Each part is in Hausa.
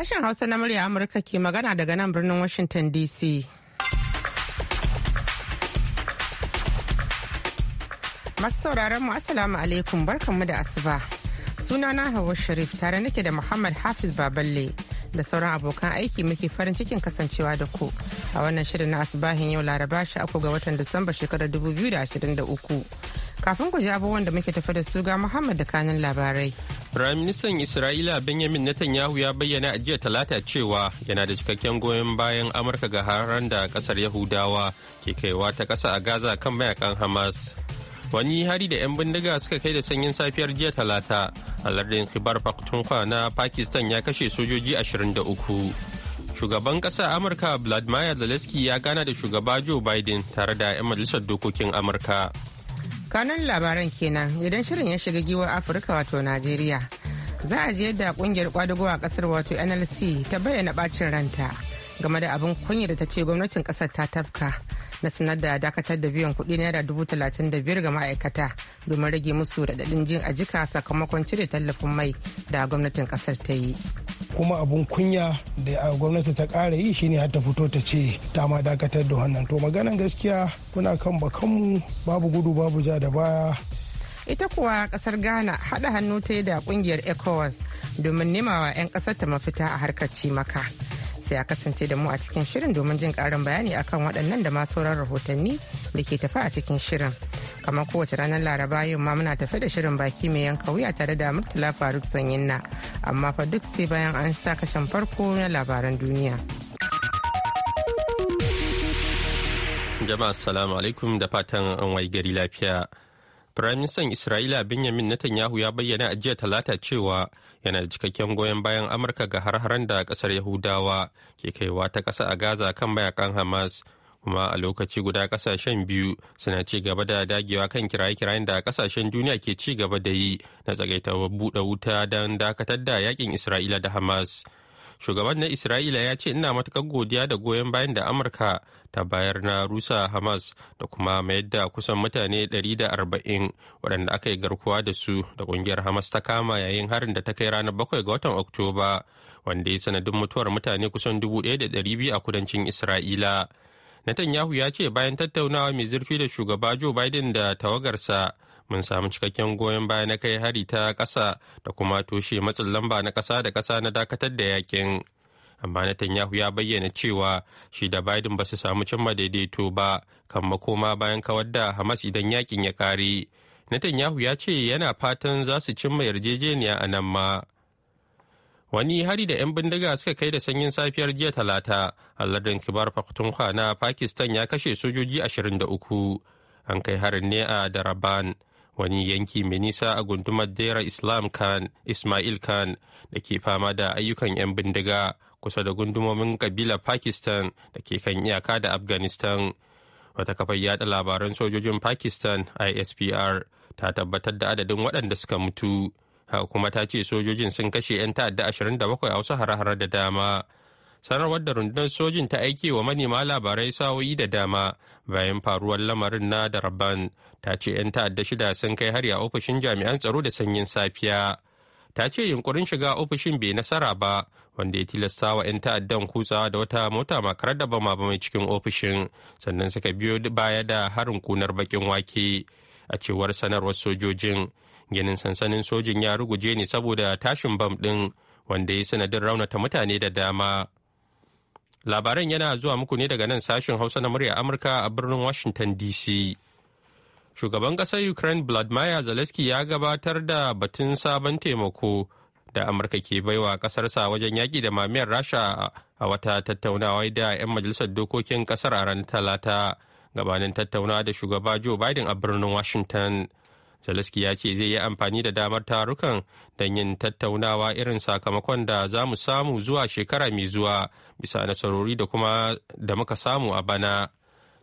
Sashen Hausa na murya Amurka ke magana daga nan birnin Washington DC. Masu sauraron mu Assalamu alaikum barkanmu da asuba. suna na hawa Sharif tare nake da Muhammad Hafiz Baballe da sauran abokan aiki muke farin cikin kasancewa da ku a wannan shirin na asubahin yau laraba shi uku ga watan Disamba shekarar 2023. Kafin ku ji abubuwan da muke tafi da su ga Muhammad da kanin labarai. Firaministan Isra'ila Benjamin Netanyahu ya bayyana a jiya talata cewa yana da cikakken goyon bayan Amurka ga haran da kasar Yahudawa ke kaiwa ta kasa a Gaza kan mayakan Hamas. Wani hari da 'yan bindiga suka kai da sanyin safiyar jiya talata alardin kibar Khibar Pakhtunkhwa na Pakistan ya kashe sojoji 23. Shugaban ƙasar Amurka Vladimir Zelensky ya gana da shugaba Joe Biden tare da 'yan majalisar dokokin Amurka. kanan labaran kenan idan shirin ya shiga giwar afirka wato najeriya za a je yadda kungiyar kwadugo a kasar wato nlc ta bayyana bacin ranta game da abin kunya da ta ce gwamnatin kasar ta tafka na sanar da dakatar da biyan kuɗi naira dubu talatin da biyar ga ma'aikata domin rage musu raɗaɗin jin a jika sakamakon cire tallafin mai da gwamnatin ƙasar ta yi. kuma abun kunya da a gwamnati ta kara yi shine har ta fito ta ce ta ma dakatar da wannan to maganan gaskiya kuna kan bakanmu babu gudu babu ja da baya ita kuwa kasar ghana hada hannu ta da kungiyar ecowas domin nema 'yan kasar ta mafita a harkar cimaka sai a kasance da mu a cikin shirin domin jin karin bayani akan waɗannan da ma sauran rahotanni da ke tafi a cikin shirin kamar kowace ranar laraba yau ma muna tafe da shirin baki mai yanka wuya tare da murtala faruk sanyinna amma fa duk sai bayan an sa kashen farko na labaran duniya jama'a assalamu alaikum da fatan an wai gari lafiya Firaministan Isra'ila Benjamin Netanyahu ya bayyana a jiya talata cewa yana da cikakken goyon bayan Amurka ga har-haren da kasar Yahudawa ke kaiwa ta ƙasa a Gaza kan mayakan Hamas. Kuma a lokaci guda kasashen biyu suna ci gaba da dagewa kan kiraye-kirayen da kasashen duniya ke ci gaba da yi na tsagaita buɗe wuta don dakatar da yakin Isra'ila da Hamas. Shugaban na Isra'ila ya ce ina matukar godiya da goyon bayan da Amurka ta bayar na rusa hamas da kuma mayar da kusan mutane 140 waɗanda aka yi garkuwa da su da ƙungiyar hamas ta kama yayin harin da ta kai ranar 7 ga watan oktoba wanda ya sanadin mutuwar mutane kusan 1,200 a kudancin isra'ila netanyahu ya ce bayan tattaunawa mai zurfi da shugaba joe biden da tawagarsa mun samu cikakken goyon baya na kai hari ta kasa da kuma toshe matsin lamba na ƙasa da kasa na dakatar da yakin. amma Netanyahu ya bayyana cewa shi da Biden ba su samu cimma daidaito ba kan makoma bayan kawar da Hamas idan yakin ya kare. Netanyahu ya ce yana fatan za su cimma yarjejeniya a nan ma. Wani hari da 'yan bindiga suka kai da sanyin safiyar jiya talata, alladin kibar Pakhtunkhwa na Pakistan ya kashe sojoji ashirin da uku An kai harin ne a Daraban. wani yanki mai nisa a gundumar dera islam khan ismail khan da ke fama da ayyukan 'yan bindiga kusa da gundumomin kabila pakistan da ke kan iyaka da afghanistan wata kafar yada labaran sojojin pakistan ispr ta tabbatar da adadin waɗanda suka mutu haka kuma ta ce sojojin sun kashe 'yan ta'adda 27 a wasu hare da dama sanarwar da rundunar sojin ta aike wa manema labarai sa'o'i da dama bayan faruwar lamarin na rabban ta ce 'yan ta'adda shida sun kai har a ofishin jami'an tsaro da sanyin safiya ta ce yunkurin shiga ofishin bai nasara ba wanda ya tilasta wa 'yan ta'addan kutsawa da wata mota makarar da bama ba mai cikin ofishin sannan suka biyo baya da harin kunar bakin wake a cewar sanarwar sojojin ginin sansanin sojin ya ruguje ne saboda tashin bam ɗin wanda ya sanadin raunata mutane da dama labaran yana zuwa muku ne daga nan sashen hausa na murya amurka a birnin washington dc shugaban ƙasar ukraine vladimir zelensky ya gabatar da batun sabon taimako da amurka ke baiwa kasarsa wajen yaƙi da mamiyar rasha a wata tattaunawa da 'yan majalisar dokokin ƙasar a ranar talata gabanin tattaunawa da shugaba joe biden a birnin washington zelensky ya ce zai yi amfani da damar tarukan don yin tattaunawa irin sakamakon da za mu samu zuwa shekara mai zuwa bisa nasarori da kuma da muka samu a bana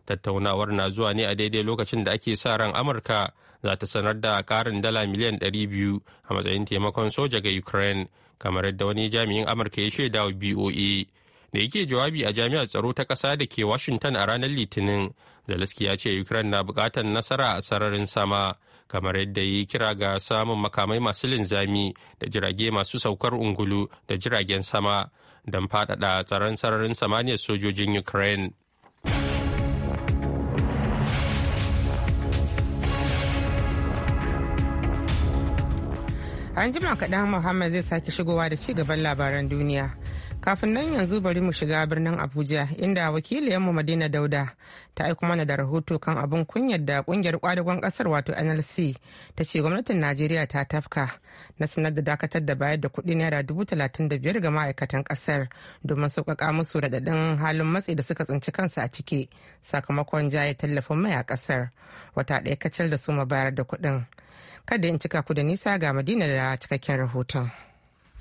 tattaunawar na zuwa ne a daidai lokacin da ake sa ran amurka za ta sanar da karin dala miliyan 200 a matsayin taimakon soja ga Ukraine, kamar yadda wani jami'in Amurka ya shaida wa BOA. Da yake jawabi a jami'ar tsaro ta ƙasa da ke Washington a ranar Litinin, Zelensky ya ce Ukraine na buƙatar nasara a sararin sama, kamar yadda ya yi kira ga samun makamai masu linzami da jirage masu saukar ungulu da jiragen sama don faɗaɗa tsaron sararin samaniyar sojojin Ukraine. An jima kaɗan Muhammad zai sake shigowa da ci gaban labaran duniya. Kafin nan yanzu bari mu shiga birnin Abuja inda wakiliyanmu Madina Dauda ta aiko mana da rahoto kan abin kunyar da kungiyar kwadagon kasar wato NLC ta ce gwamnatin Najeriya ta tafka na sanar da dakatar da bayar da kuɗi naira dubu talatin da biyar ga ma'aikatan kasar domin sauƙaƙa musu raɗaɗin halin matsi da suka tsinci kansu a ciki sakamakon jaye tallafin mai a kasar wata ɗaya kacal da su ma bayar da kuɗin. kada in cika ku da nisa ga madina da cikakken rahoton.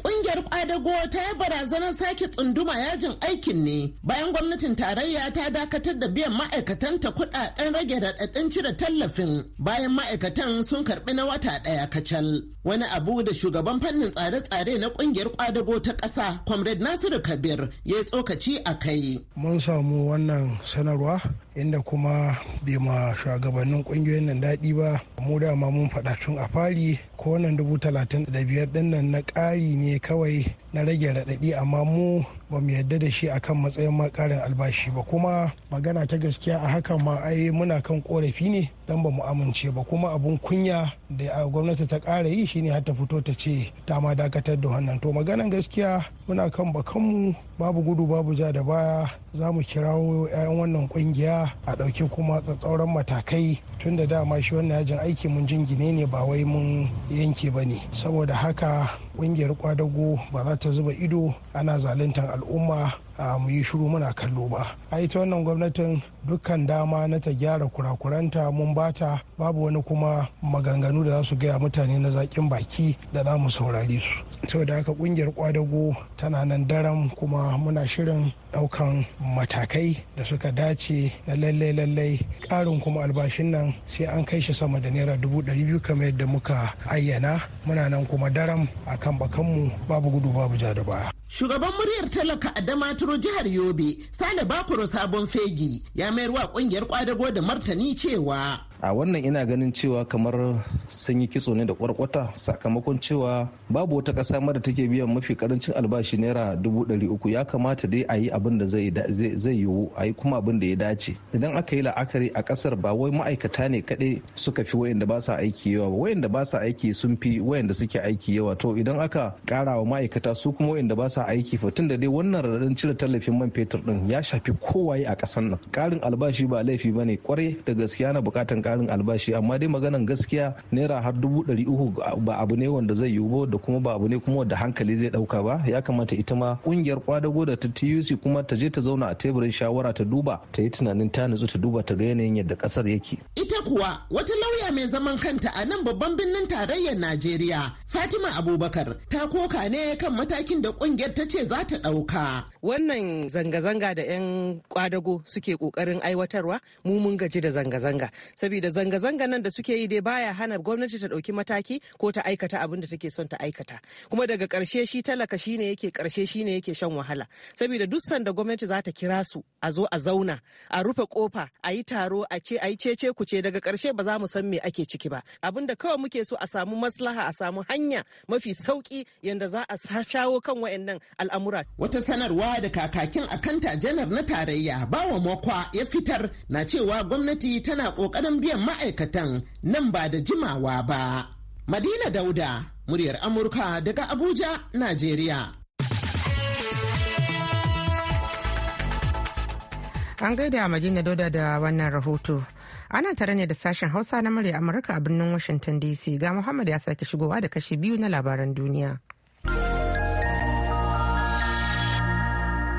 Ƙungiyar Kwadago ta yi barazanar sake tsunduma yajin aikin ne bayan gwamnatin tarayya ta dakatar da biyan ma'aikatanta kuɗaɗen rage raɗaɗin cire tallafin bayan ma'aikatan sun karɓi na wata ɗaya kacal. wani abu da shugaban fannin tsare-tsare na kungiyar kwadago ta ƙasa comrade nasiru kabir ya tsokaci a kai mun samu wannan sanarwa inda kuma bai ma shugabannin kungiyoyin nan daɗi ba mu dama mun faɗa tun a fari ko nan dubu talatin da biyar ɗin nan na ƙari ne kawai na rage raɗaɗi amma mu ba mu yadda da shi akan matsayin ma albashi ba kuma magana ta gaskiya a haka ma ai muna kan korafi ne don ba mu amince ba kuma abun kunya da gwamnati ta ƙara yi shine har ta fito ta ce ta ma dakatar da wannan to maganan gaskiya muna kan bakanmu babu gudu babu ja da baya za mu kirawo 'ya'yan wannan kungiya a ɗauki kuma tsatsauran matakai tun da dama shi wannan yajin aiki mun jingine ne ba wai mun yanke ba ne saboda haka kungiyar kwadago ba za ta zuba ido ana zaluntar al'umma a mu yi shuru muna kallo ba a ita wannan gwamnatin dukkan dama na ta gyara kurakuranta mun bata babu wani kuma maganganu da za su gaya mutane na zaƙin baki da za mu saurari su saboda haka ƙungiyar kwadago tana nan daren kuma muna shirin ɗaukan matakai da suka dace na lallai lallai ƙarin kuma albashin nan sai an kai shi sama da naira dubu ɗari biyu kamar yadda muka ayyana muna nan kuma daram a kan bakanmu babu gudu babu ja da baya. Shugaban muryar talaka a Damaturu jihar Yobe, Sale Bakuro Sabon Fegi ya mayar wa ƙungiyar kwadago da martani cewa a wannan ina ganin cewa kamar sun yi kitso ne da kwarkwata sakamakon cewa babu wata ƙasa mara take biyan mafi karancin albashi naira dubu ɗari uku ya kamata dai a yi abin da zai yiwu a yi kuma abin da ya dace idan aka yi la'akari a ƙasar ba wai ma'aikata ne kaɗai suka fi wayanda ba sa aiki yawa ba wayanda ba sa aiki sun fi wayanda suke aiki yawa to idan aka ƙara wa ma'aikata su kuma wayanda ba sa aiki fa tunda dai wannan raɗaɗin cire tallafin man fetur ɗin ya shafi kowaye a ƙasar nan ƙarin albashi ba laifi ba ne kwarai da gaskiya na buƙatan karin albashi amma dai maganan gaskiya naira har dubu ɗari uku ba abu ne wanda zai yiwu ba da kuma ba abu ne kuma wanda hankali zai ɗauka ba ya kamata ita ma ƙungiyar kwadago da ta tuc kuma ta je ta zauna a teburin shawara ta duba ta yi tunanin ta nutsu ta duba ta ga yanayin yadda ƙasar yake. ita kuwa wata lauya mai zaman kanta a nan babban birnin tarayyar najeriya fatima abubakar ta koka ne kan matakin da ƙungiyar ta ce za ta ɗauka. wannan zanga-zanga da 'yan kwadago suke ƙoƙarin aiwatarwa mu mun gaji da zanga-zanga saboda zanga-zanga nan da suke yi dai baya hana gwamnati ta dauki mataki ko ta aikata abin da take son ta aikata kuma daga karshe shi talaka shine yake karshe shine yake shan wahala saboda duk sanda gwamnati za ta kira su a zo a zauna a rufe kofa a yi taro a ce a yi cece kuce daga karshe ba za mu san me ake ciki ba abin da kawai muke so a samu maslaha a samu hanya mafi sauki yanda za a shawo kan wayannan al'amura wata sanarwa da kakakin akanta janar na tarayya bawa mokwa ya fitar na cewa gwamnati tana kokarin biyan ma'aikatan nan ba da jimawa ba. Madina Dauda, muryar Amurka daga Abuja, Najeriya. An gaida Madina Dauda da wannan rahoto. Ana tare ne da sashen Hausa na murya Amurka a birnin Washington DC ga Muhammad ya sake shigowa da kashi biyu na labaran duniya.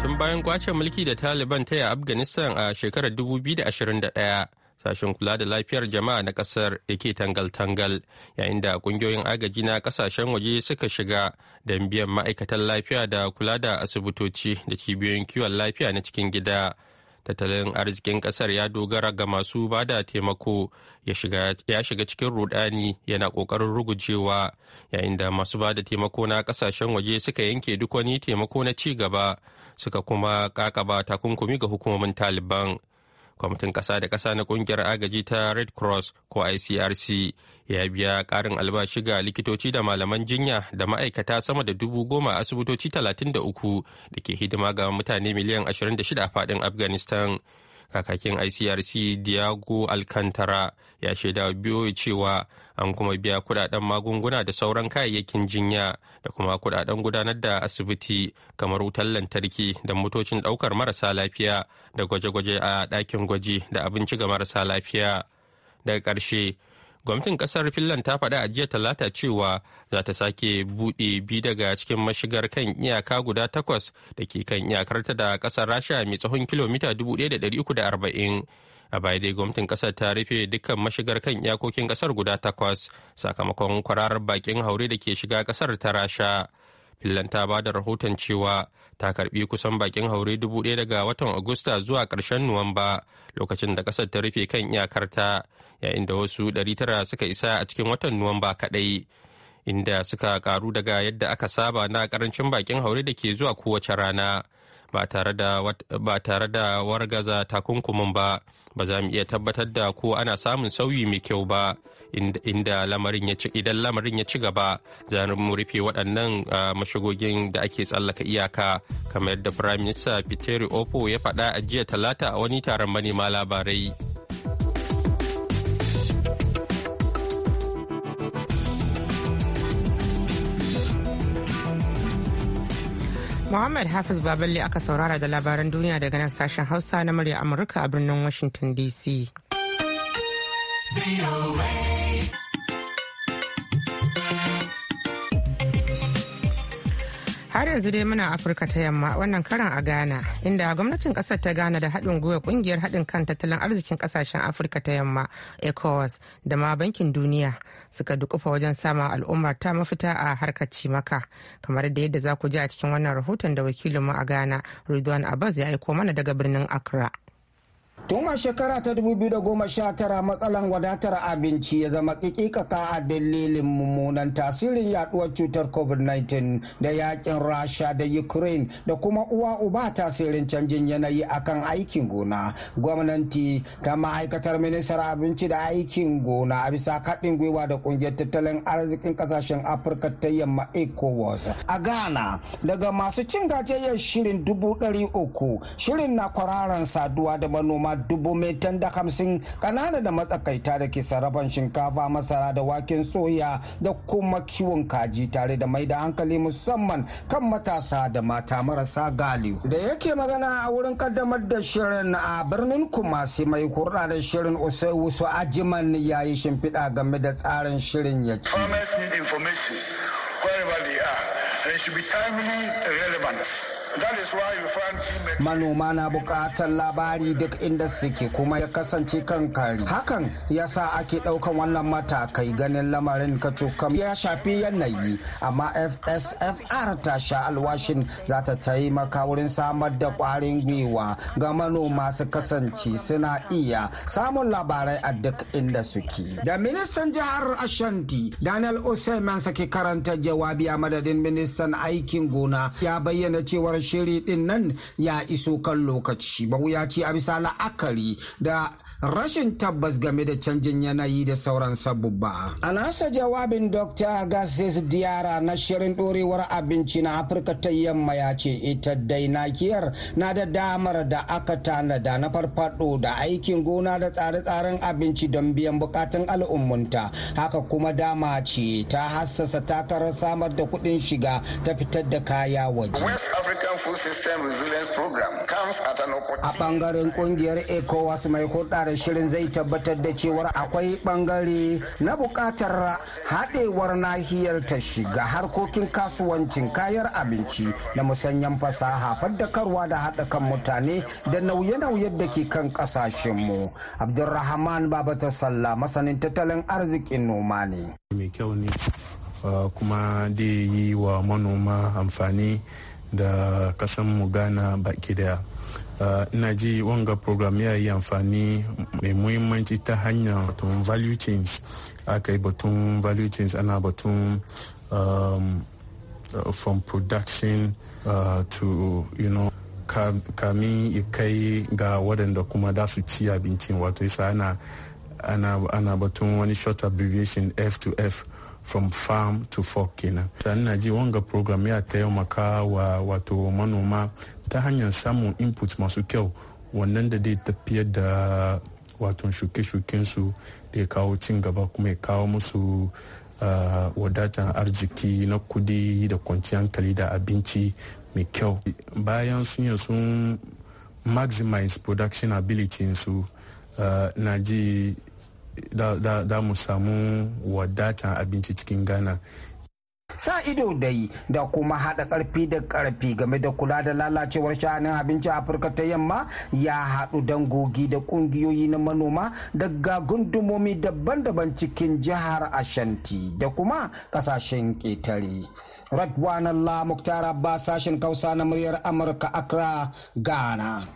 Tun bayan kwace mulki da Taliban ta yi Afghanistan a shekarar 2021 sashen kula da lafiyar jama'a na kasar da ke tangal-tangal yayin da kungiyoyin agaji na kasashen waje suka shiga don biyan ma'aikatan lafiya da kula da asibitoci da cibiyoyin kiwon lafiya na cikin gida tattalin arzikin kasar ya dogara ga masu ba da taimako ya shiga cikin rudani yana kokarin rugujewa yayin da masu ba da taimako na kasashen waje suka yanke duk wani taimako na ci gaba suka kuma kakaba takunkumi ga hukumomin taliban kwamitin ƙasa da ƙasa na ƙungiyar agaji ta red cross ko icrc ya biya ƙarin albashi ga likitoci da malaman jinya da ma'aikata sama da dubu goma a asibitoci talatin da uku da ke hidima ga mutane miliyan shida a faɗin afghanistan kakakin icrc diago alcantara ya shaida biyoyi cewa an kuma biya kudaden magunguna da sauran kayayyakin jinya da kuma kudaden gudanar da asibiti kamar wutar lantarki da motocin daukar marasa lafiya da gwaje-gwaje a dakin gwaji da abinci ga marasa lafiya daga ƙarshe gwamnatin kasar finland ta faɗa a jiya talata cewa za ta sake buɗe bi daga cikin mashigar kan iyaka guda takwas da ke kan iyakarta da ƙasar rasha mai tsawon kilomita 1340 a baya dai gwamnatin kasar ta rufe dukkan mashigar kan iyakokin kasar guda takwas sakamakon kwararar bakin haure da ke shiga kasar ta rasha finland ta ba da rahoton cewa ta karbi kusan bakin haure dubu ɗaya daga watan agusta zuwa ƙarshen nuwamba lokacin da ƙasar ta rufe kan iyakarta yayin da wasu tara suka isa a cikin watan nuwamba kaɗai inda suka karu daga yadda aka saba na karancin bakin haure da ke zuwa kowace rana ba tare da wargaza takunkumin ba ba za mu iya tabbatar da ko ana samun sauyi mai kyau ba inda lamarin ya ci idan lamarin ya ci gaba za mu rufe waɗannan mashigogin da ake tsallaka iyaka kamar yadda prime minister peter opo ya faɗa a jiya talata a wani taron manema labarai Muhammad Hafiz Baballe aka saurara da labaran duniya daga nan sashen Hausa na murya Amurka a birnin Washington DC. Har yanzu dai muna Afirka ta yamma wannan karan a Ghana inda gwamnatin kasar ta Ghana da haɗin gwiwa kungiyar haɗin kan tattalin arzikin kasashen Afirka ta yamma ECOWAS da ma bankin duniya suka dukufa wajen sama al'ummar ta mafita a harkar cimaka kamar da yadda za ku ji a cikin wannan rahoton da wakilinmu a Ghana Ridwan Abbas ya aiko mana daga birnin Accra. Tun a shekara ta tara, matsalan wadatar abinci ya zama kikikaka a dalilin mummunan tasirin yaduwar cutar COVID-19 da yakin Rasha da Ukraine da kuma uwa uba tasirin canjin yanayi akan aikin gona. Gwamnati ta ma'aikatar ministar abinci da aikin gona a bisa kaɗin gwiwa da ƙungiyar tattalin arzikin ƙasashen Afirka ta yamma ECOWAS. A Ghana daga masu cin gajiyar shirin dubu ɗari uku shirin na kwararan saduwa da manoma dubu metan da hamsin kanana da matsakaita da ke sarrafan shinkafa masara da waken soya da kuma kiwon kaji tare da mai da hankali musamman kan matasa da mata marasa galihu da yake magana a wurin kaddamar da shirin a birnin kumasi mai kurda da shirin usai wasu ajiman ya yi shimfiɗa game da tsarin shirin ya ci wherever they are and it should be timely and relevant manoma na bukatar labari duk inda suke kuma ya kasance kan kari hakan ya sa ake daukan wannan matakai ganin lamarin kacokam ya shafi yanayi amma fsfr ta sha alwashin za ta taimaka wurin samar da kwarin gwiwa ga manoma su kasance suna iya samun labarai a duk inda suke da ministan jihar ashanti daniel oseman sake karanta jawabi a madadin ministan aikin gona ya bayyana cewar shiri din nan ya iso kan lokaci ce a bisa la'akari da rashin tabbas game da canjin yanayi da sauran sabubba. A nasa jawabin Dr. Gassis Diara na shirin ɗorewar abinci na Afirka ta yamma ya ce ita dai nakiyar na da damar da aka tanada na farfado da aikin gona da tsare-tsaren abinci don biyan bukatun al'ummunta. Haka kuma dama ce ta hassasa takarar samar da kuɗin shiga ta fitar da kaya waje. A bangaren kungiyar ECOWAS mai hulɗa da shirin zai tabbatar da cewar akwai bangare na buƙatar haɗewar nahiyar ta shiga harkokin kasuwancin kayan abinci na musanyen fasaha faddakarwa da haɗa kan mutane da nauye-nauyen da ke kan ƙasashenmu. Abdulrahman Babata Sallah masanin tattalin arzikin noma ne. Mai ne uh, kuma da yi wa manoma amfani da kasan mu ghana baki daya ah, ina ji wanga program ya yi amfani mai muhimmanci ta hanya batun value chains aka yi batun value chains ana batun um, uh, from production uh, to you know kami ya kai ga waɗanda kuma da su ci abincin wato isa ana ana, ana batun wani short abbreviation f to f from farm to fork kenan sannan ji wanga program ya taimaka wa wato manoma ta hanyar samun input masu kyau wannan da dai tafiyar da wato shuke-shukensu da ya kawo cin gaba kuma ya kawo musu ah, wadatan arziki na kudi da kwanciyar hankali da abinci mai kyau bayan sun yi sun maximize production ability su ah, na da mu samu wadata abinci cikin ghana sa ido dai da kuma haɗa ƙarfi da karfi game da kula da lalacewar sha'anin abinci a afirka ta yamma ya haɗu dangogi da ƙungiyoyi na manoma daga gundumomi daban-daban cikin jihar ashanti da kuma ƙasashen ƙetare radwanallah muktar abbas sashen kausa na muryar amurka accra ghana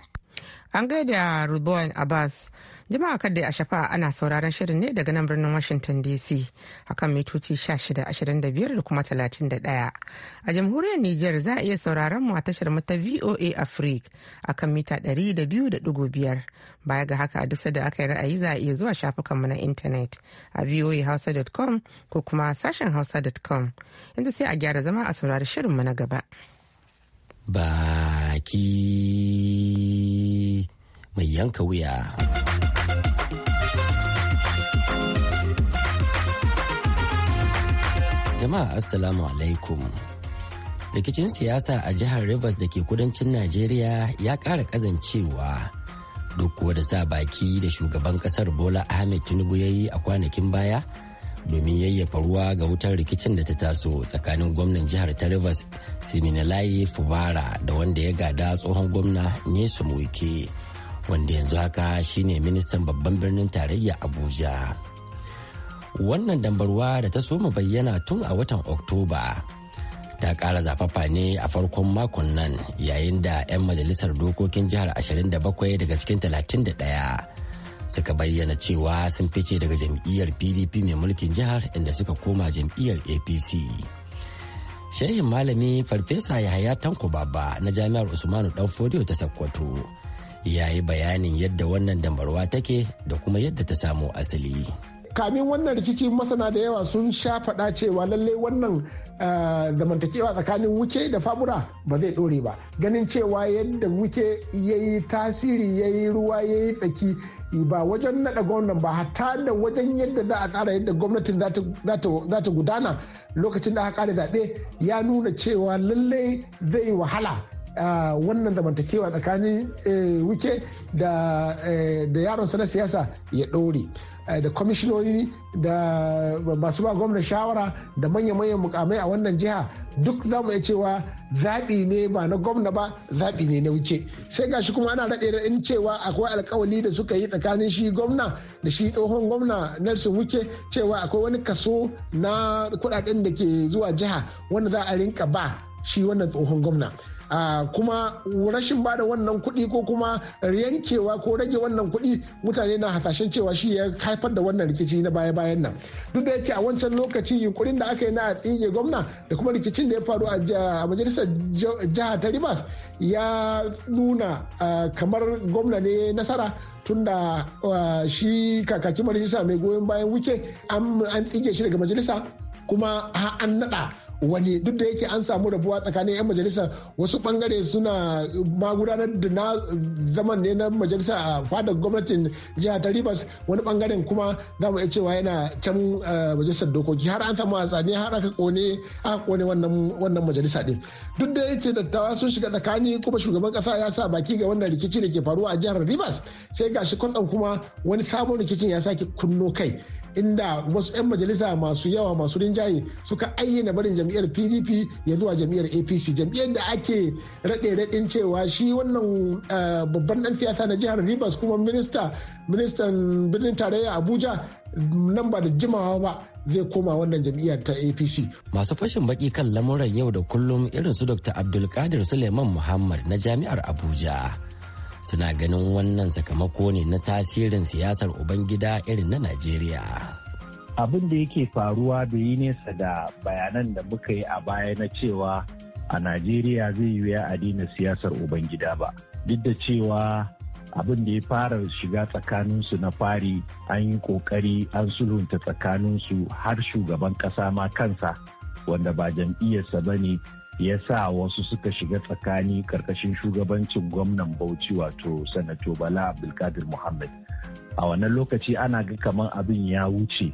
an gaida rubon abbas Jama'a kan dai a shafa ana sauraron shirin ne daga nan birnin Washington DC akan mitoci 1625 da kuma 31. A jamhuriyar Nijar za a iya sauraron mu a tashar mata VOA Africa kan mita 200.5. Baya ga haka a duk da aka yi ra'ayi za a iya zuwa shafukanmu na intanet a voahausa.com ko kuma sashen hausa.com. Yanzu sai a gyara zama a saurari shirinmu na gaba. Baki mai yanka wuya. Jama'a Assalamu alaikum. Rikicin siyasa a jihar Rivers da ke kudancin Najeriya ya ƙara ƙazancewa. Duk kuwa da sa baki da shugaban ƙasar Bola Ahmed Tinubu ya yi a kwanakin baya domin yayyafa ruwa ga wutar rikicin da ta taso tsakanin gwamnan jihar ta Rivers Siminalayi Fubara da wanda ya gada tsohon gwamna nesu Wike wanda yanzu haka shine ministan babban birnin tarayya Abuja. wannan dambarwa da ta soma bayyana tun a watan oktoba ta kara zafafa ne a farkon makon nan yayin da 'yan majalisar dokokin jihar 27 daga cikin 31 suka bayyana cewa sun fice daga jam'iyyar pdp mai mulkin jihar inda suka koma jam'iyyar apc shehin malami farfesa yahaya tanko baba na jami'ar usmanu danfodiyo ta sakkwato ya yi bayanin yadda wannan dambarwa take da kuma yadda ta samo asali. kamin wannan rikici masana da yawa sun sha faɗa cewa lallai wannan eh, zamantakewa tsakanin wuke da fabura ba zai ɗore ba ganin cewa yadda wuke ya yi tasiri ya yi ruwa ya yi tsaki ba wajen naɗa gwamnan ba hatta da wajen yadda za a tsara yadda gwamnatin za ta gudana lokacin da aka kare zaɓe ya nuna cewa lallai zai wahala wannan zamantakewa tsakanin eh, wike da yaron eh, yaronsa na siyasa ya ɗore eh, da kwamishinoyi da masu ba gwamna shawara da manya-manyan mukamai a wannan jiha duk za mu iya cewa zaɓi ne ba na gwamna ba zaɓi ne na wike sai gashi kuma ana raɗe in cewa akwai alkawali da suka yi tsakanin shi gwamna da shi tsohon gwamna nelson wike cewa akwai wani kaso na kuɗaɗen da ke zuwa jiha wanda za a rinka ba shi wannan tsohon gwamna kuma rashin bada wannan kuɗi ko kuma yankewa ko rage wannan kuɗi mutane na hasashen cewa shi ya haifar da wannan rikici na baya-bayan nan duk da yake a wancan lokaci yunkurin da aka yi na tsige gwamna da kuma rikicin da ya faru a majalisar jiha ta rivers ya nuna kamar gwamna ne nasara tunda shi kakakin majalisa mai goyon bayan wike an tsige shi daga majalisa kuma an naɗa wani duk da yake an samu rabuwa tsakanin 'yan majalisar wasu bangare suna ma da na zaman ne na majalisa a fadar gwamnatin jihar ta rivers wani bangaren kuma za mu iya cewa yana can eh, majalisar dokoki har an samu hatsani har aka kone aka kone wannan majalisa din duk da yake dattawa sun shiga tsakani kuma shugaban kasa ya sa baki ga wannan rikici da ke faruwa a jihar rivers sai gashi kwatsam kuma wani sabon rikicin ya sake kunno kai inda wasu 'yan majalisa masu yawa masu rinjaye suka ayyana barin jam'iyyar pdp ya zuwa jam'iyyar apc jam'iyyar da ake raɗe raɗin cewa shi wannan eh, babban ɗan siyasa na jihar rivers kuma minista ministan birnin tarayya abuja nan ba da jimawa ba zai koma wannan jam'iyyar ta apc masu fashin baki kan lamuran yau da kullum irin su dr abdulkadir suleiman muhammad na jami'ar abuja suna ganin wannan sakamako ne na tasirin siyasar ubangida irin na najeriya abin da yake faruwa da yi nesa da bayanan da muka yi a baya na cewa a najeriya zai yiwuya a dina siyasar ubangida ba duk da cewa abin da ya fara shiga tsakaninsu na fari an yi kokari an sulhunta tsakaninsu har shugaban kasa ma kansa wanda ba jam'iyyarsa ba ne ya sa wasu suka shiga tsakani karkashin shugabancin gwamnan bauchi wato sanato bala abdulkadir muhammad a wannan lokaci ana ga kamar abin ya wuce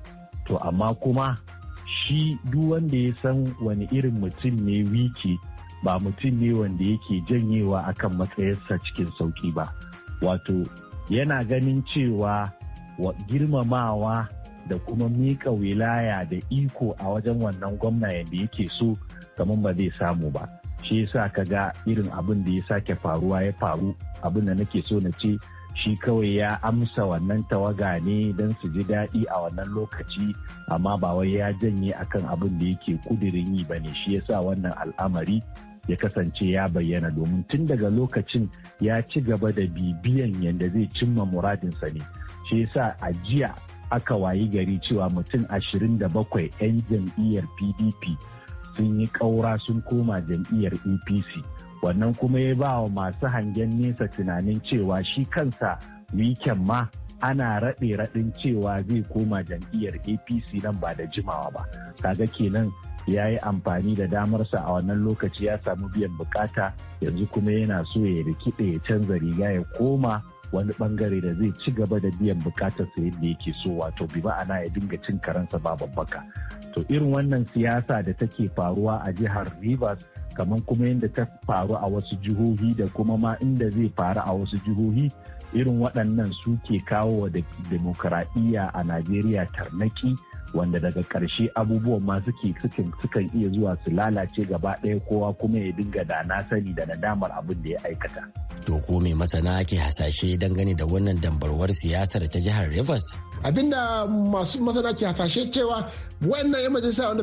to amma kuma shi duk wanda ya san wani irin mutum ne wiki ba mutum ne wanda yake janyewa akan matsayarsa cikin sauki ba wato yana ganin cewa wa girmamawa da kuma miƙa wilaya da iko a wajen wannan gwamna yadda yake so kamar ba zai samu ba shi yasa ka ga irin abin da ya sake faruwa ya faru abin da nake so na ce shi kawai ya amsa wannan tawaga ne don su ji daɗi a wannan lokaci amma ba wai ya janye akan abin da yake kudirin yi ba ne shi yasa wannan al'amari ya kasance ya bayyana domin tun daga lokacin ya ci gaba da bibiyan yadda zai cimma muradinsa ne shi yasa a jiya aka wayi gari cewa mutum 27 'yan jam'iyyar pdp sun yi ƙaura sun koma jam'iyyar apc wannan kuma ya ba wa masu hangen nesa tunanin cewa shi kansa wiken ma ana raɗe raɗin cewa zai koma jam'iyyar apc nan ba da jimawa ba kaga kenan ya yi amfani da damarsa a wannan lokaci ya samu biyan bukata yanzu kuma yana so ya rikide ya canza riga ya koma wani bangare da zai ci gaba da biyan bukatar sa yadda yake so wato bi ana ya dinga cin karansa ba babbaka to irin wannan siyasa da take faruwa a jihar Rivers kamar kuma yadda ta faru a wasu jihohi da kuma ma inda zai faru a wasu jihohi irin waɗannan su ke kawo wa demokuraɗiyya a Najeriya tarnaki wanda daga karshe abubuwan ma suke sukan iya zuwa su lalace gaba ɗaya kowa kuma ya dinga da na sani da nadamar abin da ya aikata. To ko mai masana ke hasashe dangane da wannan dambarwar siyasar ta jihar Rivers? abinda masu masana ke hasashe cewa wannan yan majalisa wanda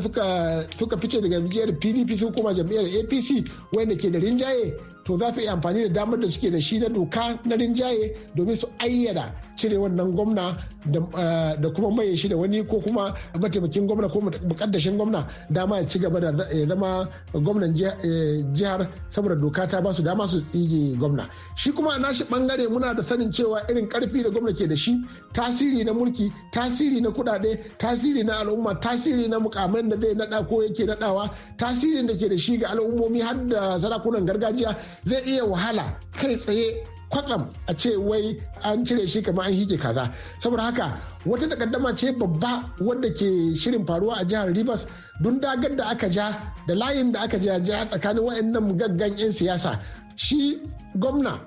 suka fice daga jihar pdp su koma jami'ar apc wanda ke da rinjaye to za su yi amfani da damar da suke da shi na doka na rinjaye domin su ayyana cire wannan gwamna da eh, kuma maye shi da wani ko kuma mataimakin gwamna ko mukaddashin gwamna dama ya ci gaba da zama gwamnan eh, jihar saboda doka ta ba su dama su tsige gwamna shi kuma a nashi bangare muna da sanin cewa irin karfi da gwamna ke da shi tasiri na mulki tasiri na kudade tasiri na al'umma tasiri na mukamai da zai nada ko yake nadawa tasirin da ke da shi ga al'ummomi har da sarakunan gargajiya zai iya wahala kai tsaye kwatsam a ce wai an cire shi kamar an shige kaza saboda haka wata takaddama ce babba wadda ke shirin faruwa a jihar rivers don dagar da aka ja da layin da aka ja tsakanin waɗannan gaggan 'yan siyasa shi gwamna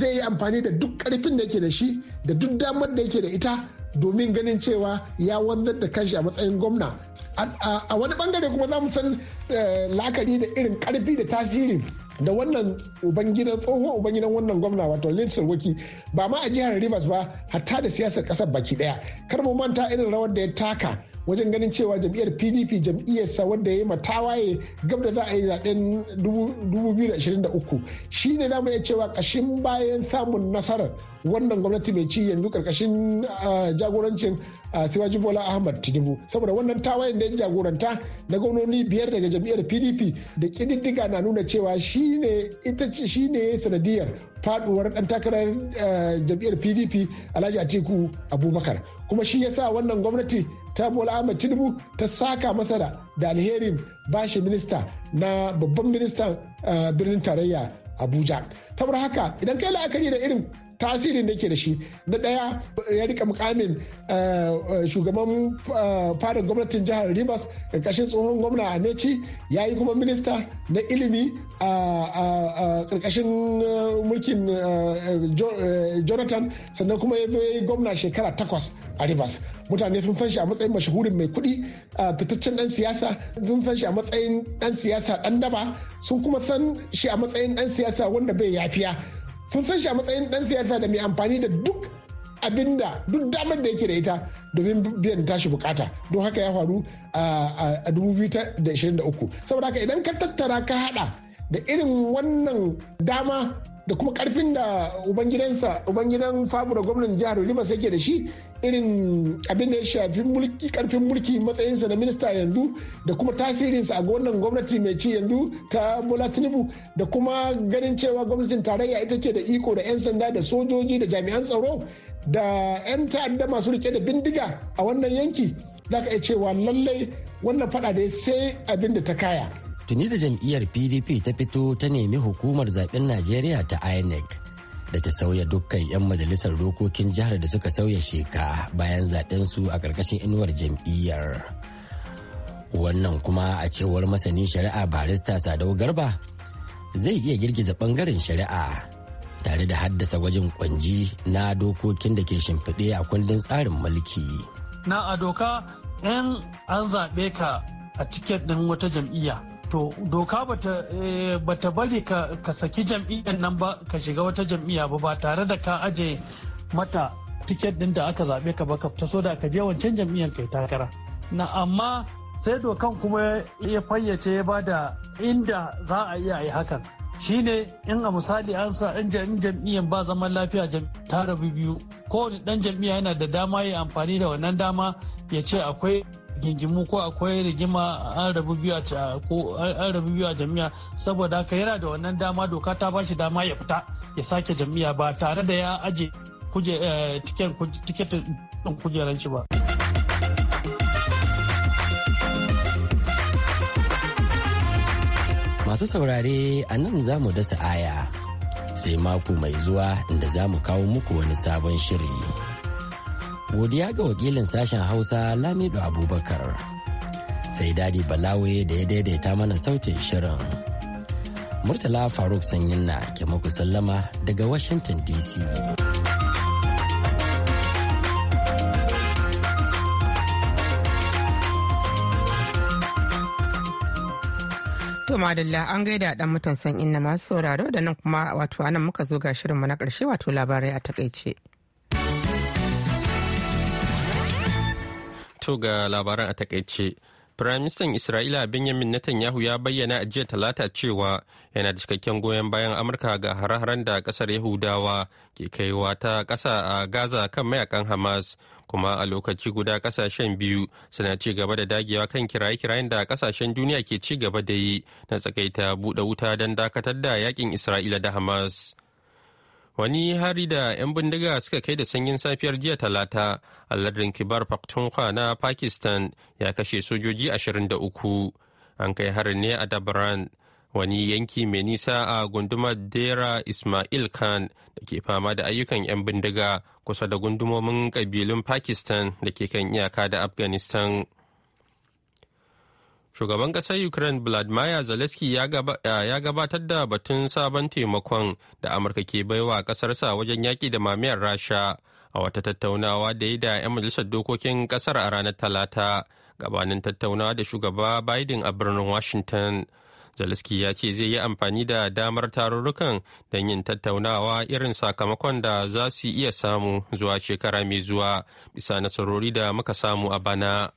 zai yi amfani da duk karfin da yake da shi da duk damar da yake da ita domin ganin cewa ya wanzar da kanshi a matsayin gwamna a wani bangare kuma za mu san eh, lakari da irin karfi da tasiri da wannan ubangidan tsohon ubangidan wannan gwamna wato Lindsay waki ba ma a jihar Rivers ba hatta da siyasar kasar baki daya kar mu manta irin rawar da ya taka wajen ganin cewa jam'iyyar pdp jam'iyyarsa wanda ya yi matawaye gab da za a yi zaɓen 2023 shi ne za mu iya cewa kashin bayan samun nasarar wannan gwamnati mai ci yanzu ƙarƙashin eh, jagorancin Tiwaji Bola Ahmad Tinubu saboda wannan tawayen da ya jagoranta na gwamnoni biyar daga jam'iyyar PDP da kididdiga na nuna cewa shine ita shine sanadiyar faduwar dan takarar eh, jam'iyyar PDP Alhaji Atiku Abubakar kuma shi yasa wannan gwamnati ta Bola Ahmad Tinubu ta saka masa da alherin bashi minista na babban ministan eh, birnin tarayya Abuja. Kamar haka idan kai la'akari da irin tasirin da ke da shi na ɗaya ya rika mukamin eh, eh, shugaban eh, fadar gwamnatin jihar rivers ƙarƙashin tsohon gwamna a neci ya yi kuma minista na ilimi a ƙarƙashin mulkin jonathan sannan kuma ya yi gwamna shekara takwas a rivers mutane sun fanshi a matsayin mashahurin mai kuɗi fitaccen ɗan siyasa sun fanshi a matsayin ɗan siyasa ɗan daba sun kuma san shi a matsayin ɗan siyasa wanda bai yafiya sun san shi a matsayin dan siyasa da mai amfani da duk abinda duk damar da yake da ita domin biyan tashi bukata don haka ya faru a 2023 saboda haka idan ka tattara ka hada da irin wannan dama da kuma karfin da ubangidansa ubangidan fabura gwamnan jihar rivers yake da shi irin abin da ya shafi mulki karfin mulki matsayinsa na minista yanzu da kuma tasirinsa a wannan gwamnati mai ci yanzu ta bola tinubu da kuma ganin cewa gwamnatin tarayya ita ke da iko da 'yan sanda da sojoji da jami'an tsaro da 'yan ta'adda masu rike da bindiga a wannan yanki za ka iya cewa lallai wannan fada da sai abin da ta kaya tuni da jam'iyyar pdp ta fito ta nemi hukumar zaben najeriya ta inec da ta sauya dukkan 'yan majalisar dokokin jihar da suka sauya sheka bayan zaben su a ƙarƙashin inuwar jam'iyyar wannan kuma a cewar masanin shari'a barista sadau garba zai iya girgiza ɓangaren shari'a tare da haddasa gwajin kwanji na dokokin da ke shimfiɗe a kundin tsarin mulki na a doka 'yan an zaɓe ka a tiket ɗin wata jam'iyya to doka bata eh, bari ka saki jam'iyyar nan ba ka shiga wata jam'iyya ba ba tare da ka aje mata tiket din da aka zaɓe ka ba ka fita so da ka je wancan jam'iyyar kai takara na amma sai dokan kuma ya fayyace ya ba da inda za a iya yi hakan shine in a misali an sa in jam'iyyar ba zaman lafiya ta rabu biyu kowane ɗan jam'iyya yana da dama ya amfani da wannan dama ya ce akwai gingimu ko akwai rigima an rabu biyu a jami'a saboda haka yana da wannan dama doka ta bashi dama ya fita ya sake jami'a ba tare da ya aje eh, tiketin kujeran shi ba. Masu saurare a nan za mu dasa aya sai mako mai zuwa inda za mu kawo muku wani sabon shiri. godiya ga wakilin sashen hausa lamido abubakar sai dadi balawe da ya daidaita mana sautin shirin murtala faruk sanyin na ke muku sallama daga washington dc madalla an gaida dan san inna masu sauraro da nan kuma wato anan muka zo ga shirinmu na karshe wato labarai a takaice. To ga labaran a takaice. Firaministan Isra'ila Benjamin Netanyahu ya bayyana a jiya talata cewa yana da cikakken goyon bayan Amurka ga hare-haren da kasar Yahudawa ke kaiwa ta kasa a Gaza kan mayakan Hamas, kuma a lokaci guda kasashen biyu suna ci gaba da dagewa kan kiraye-kirayen da kasashen duniya ke ci gaba da yi na tsakaita buɗe wuta don dakatar da yakin Isra'ila da Hamas. wani hari da 'yan bindiga suka kai da sanyin safiyar jiya talata a lardin kibar pakhtunkhwa na pakistan ya kashe sojoji 23 an kai harin ne a dabran wani yanki mai nisa a gundumar dera ismail khan da ke fama da ayyukan 'yan bindiga kusa da gundumomin kabilun pakistan da ke kan iyaka da afghanistan shugaban kasar ukraine vladimir zelensky ya gabatar da batun sabon taimakon da amurka ke baiwa kasarsa wajen yaki da mamiyar rasha a wata tattaunawa da yi da 'yan majalisar dokokin kasar a ranar talata gabanin tattaunawa da shugaba biden a birnin washington zelensky ya ce zai yi amfani da damar tarurrukan don yin tattaunawa irin sakamakon da za su iya samu zuwa shekara mai zuwa bisa nasarori da muka samu a bana.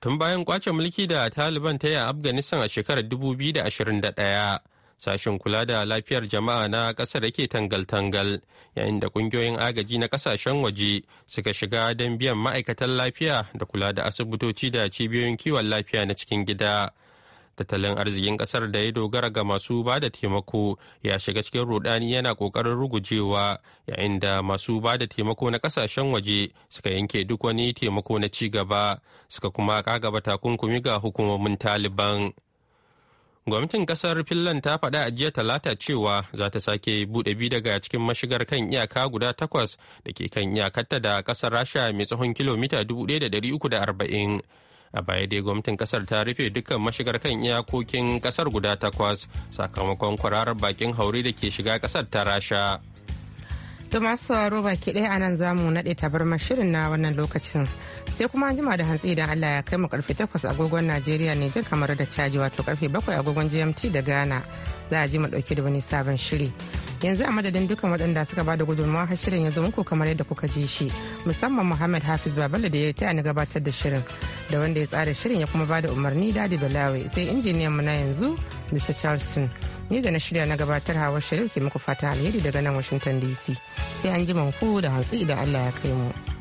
tun bayan kwace mulki da taliban ta yi a afghanistan a shekarar 2021 sashen kula da lafiyar jama'a na ƙasar yake tangal-tangal yayin da ƙungiyoyin agaji na ƙasashen waje suka shiga don biyan ma'aikatan lafiya da kula da asibitoci da cibiyoyin kiwon lafiya na cikin gida tattalin arzikin kasar da ya dogara ga masu ba da taimako ya shiga cikin rudani yana kokarin rugujewa yayin da masu ba da taimako na kasashen waje suka yanke duk wani taimako na ci gaba suka kuma kagaba takunkumi ga hukumomin taliban gwamnatin kasar finland ta faɗa a jiya talata cewa za ta sake buɗe bi daga cikin mashigar kan iyaka guda takwas da ke kan iyakarta da ƙasar rasha mai tsawon kilomita 1340 a baya dai gwamnatin kasar ta rufe dukkan mashigar kan iyakokin kasar guda takwas sakamakon kwararar bakin haure da ke shiga kasar ta rasha to masu sauraro baki ɗaya anan zamu naɗe tabar shirin na wannan lokacin sai kuma an jima da hantsi idan allah ya kai mu karfe takwas agogon najeriya ne jin kamar da caji wato karfe bakwai agogon gmt da ghana za a ji mu ɗauki da wani sabon shiri yanzu a madadin dukkan waɗanda suka bada gudunmawa har shirin ya zama ko kamar yadda kuka ji shi musamman muhammad hafiz babala da ya taya ni gabatar da shirin da wanda ya tsara shirin ya kuma bada umarni dadi balawe sai injiniyan mu na yanzu mr charleston ni da na shirya na gabatar hawa shirin ke muku fata alheri daga nan washington dc sai an ji ku da hantsi idan allah ya kai mu.